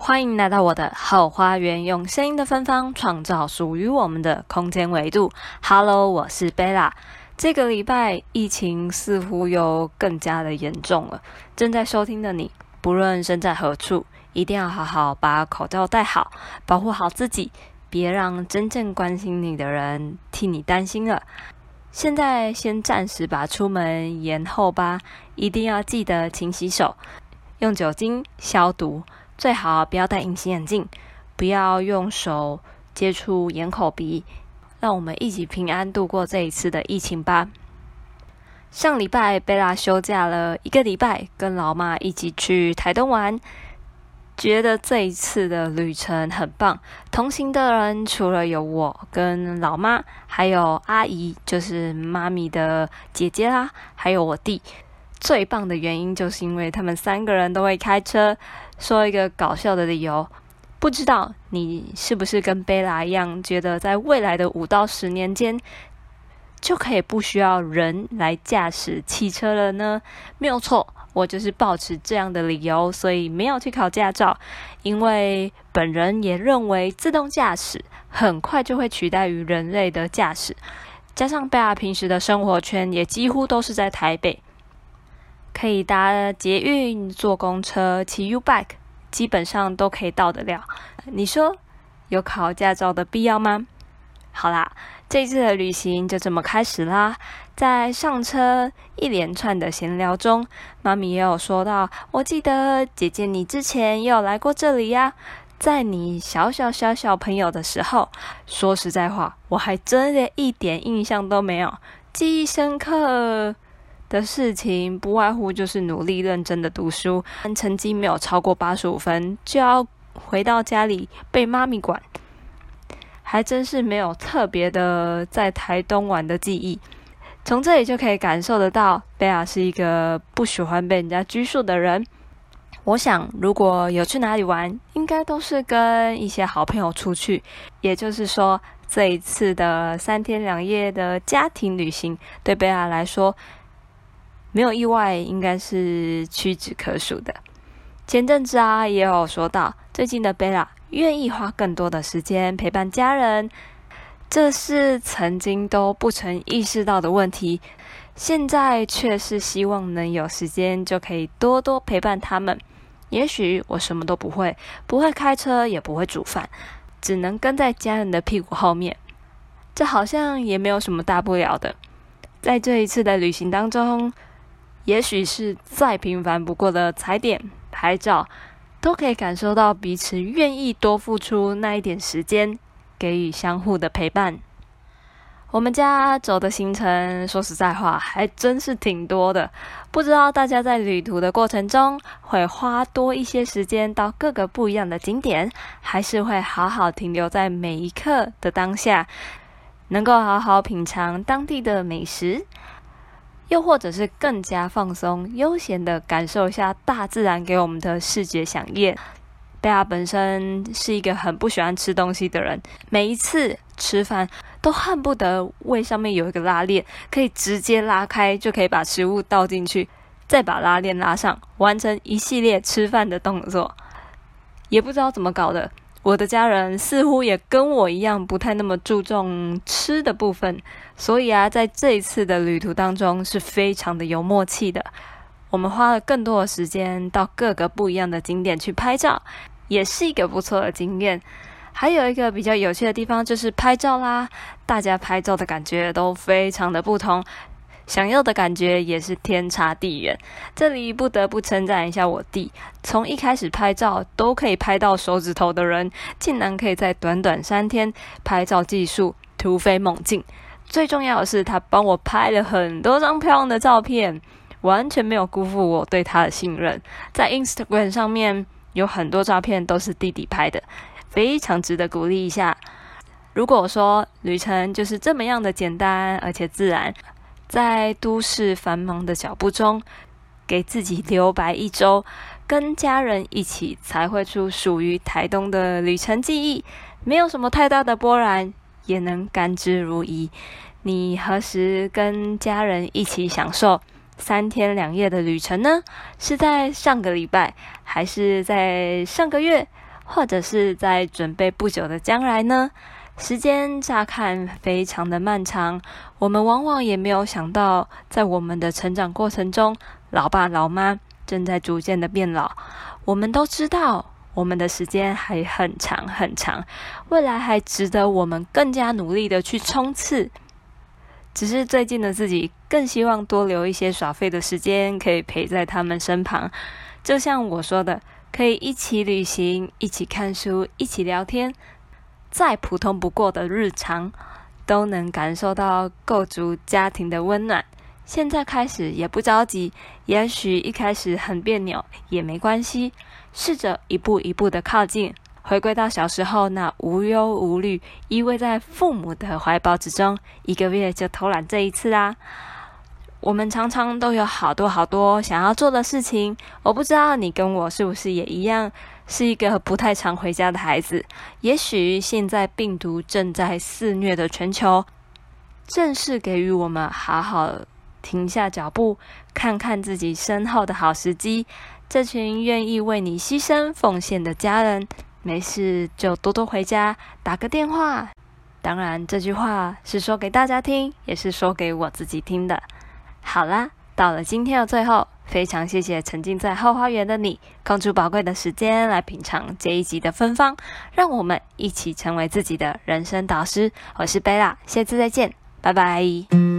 歡迎來到我的後花園，用聲音的芬芳創造屬於我們的空間維度。Hello，我是 Bella。這個禮拜疫情似乎又更加的嚴重了。正在收聽的你，不論身在何處，一定要好好把口罩戴好，保護好自己，別讓真正關心你的人替你擔心了。現在先暫時把出門延後吧，一定要記得勤洗手，用酒精消毒。最好不要戴隱形眼鏡，不要用手接觸眼、口、鼻。讓我們一起平安度過這一次的疫情吧。上禮拜貝拉休假了一個禮拜，跟老媽一起去台東玩，覺得這一次的旅程很棒。同行的人除了有我跟老媽，還有阿姨，就是媽咪的姐姐啦，還有我弟。最棒的原因就是因為他們三個人都會開車。說一個搞笑的理由，不知道你是不是跟貝拉一樣，覺得在未來的五到十年間就可以不需要人來駕駛汽車了呢？沒有錯，我就是抱持這樣的理由，所以沒有去考駕照。因為本人也認為自動駕駛很快就會取代於人類的駕駛，加上貝拉平時的生活圈也幾乎都是在台北。可以搭捷運、坐公車、騎 U-Bike，基本上都可以到得了。你說有考駕照的必要嗎？好啦，這次的旅行就這麼開始啦。在上車一連串的閒聊中，媽咪也有說到，我記得姐姐你之前也有來過這裡呀，啊，在你小小小小朋友的時候。說實在話，我還真的一點印象都沒有，記憶深刻的事情不外乎就是努力認真的讀書，但成績沒有超過八十五分，就要回到家裡被媽咪管。還真是沒有特別的在台東玩的記憶，從這裡就可以感受得到，Bella 是一個不喜歡被人家拘束的人。我想如果有去哪裡玩，應該都是跟一些好朋友出去。也就是說，這一次的三天兩夜的家庭旅行，對 Bella 來說。沒有意外，應該是屈指可數的。前陣子啊，也有說到，最近的貝拉願意花更多的時間陪伴家人，這是曾經都不曾意識到的問題。現在卻是希望能有時間就可以多多陪伴他們。也許我什麼都不會，不會開車，也不會煮飯，只能跟在家人的屁股後面。這好像也沒有什麼大不了的。在這一次的旅行當中，也許是再平凡不過的踩點、拍照，都可以感受到彼此願意多付出那一點時間，給予相互的陪伴。我們家走的行程，說實在話，還真是挺多的。不知道大家在旅途的過程中，會花多一些時間到各個不一樣的景點，還是會好好停留在每一刻的當下，能夠好好品嘗當地的美食。又或者是更加放鬆、悠閒的感受一下大自然給我們的視覺饗宴。貝拉本身是一個很不喜歡吃東西的人，每一次吃飯都恨不得胃上面有一個拉鏈，可以直接拉開就可以把食物倒進去，再把拉鏈拉上，完成一系列吃飯的動作。也不知道怎麼搞的。我的家人似乎也跟我一樣不太那麼注重吃的部分，所以啊，在這一次的旅途當中是非常的有默契的。我們花了更多的時間到各個不一樣的景點去拍照，也是一個不錯的經驗。還有一個比較有趣的地方就是拍照啦，大家拍照的感覺都非常的不同。想要的感覺也是天差地遠。這裡不得不稱讚一下我弟，從一開始拍照都可以拍到手指頭的人，竟然可以在短短三天，拍照技術突飛猛進。最重要的是，他幫我拍了很多張漂亮的照片，完全沒有辜負我對他的信任。在 Instagram 上面，有很多照片都是弟弟拍的，非常值得鼓勵一下。如果說旅程就是這麼樣的簡單而且自然。在都市繁忙的腳步中，給自己留白一周，跟家人一起，才會出屬於台東的旅程記憶。沒有什麼太大的波瀾，也能甘之如飴。你何時跟家人一起享受三天兩夜的旅程呢？是在上個禮拜，還是在上個月，或者是在準備不久的將來呢？時間乍看非常的漫長，我們往往也沒有想到，在我們的成長過程中，老爸老媽正在逐漸的變老。我們都知道，我們的時間還很長很長，未來還值得我們更加努力的去衝刺。只是最近的自己更希望多留一些耍廢的時間，可以陪在他們身旁。就像我說的，可以一起旅行，一起看書，一起聊天。再普通不過的日常，都能感受到構築家庭的溫暖。現在開始也不着急，也許一開始很別扭也沒關係，試着一步一步的靠近，回歸到小時候那無憂無慮，依偎在父母的懷抱之中。一個月就偷懶這一次啦。我們常常都有好多好多想要做的事情，我不知道你跟我是不是也一樣，是一個不太常回家的孩子。也許現在病毒正在肆虐的全球，正是給予我們好好停下腳步，看看自己身後的好時機。這群願意為你犧牲奉獻的家人，沒事就多多回家打個電話。當然，這句話是說給大家聽，也是說給我自己聽的。好啦，到了今天的最後，非常謝謝沉浸在後花園的你，空出寶貴的時間來品嘗這一集的芬芳，讓我們一起成為自己的人生導師。我是貝拉，下次再見，拜拜。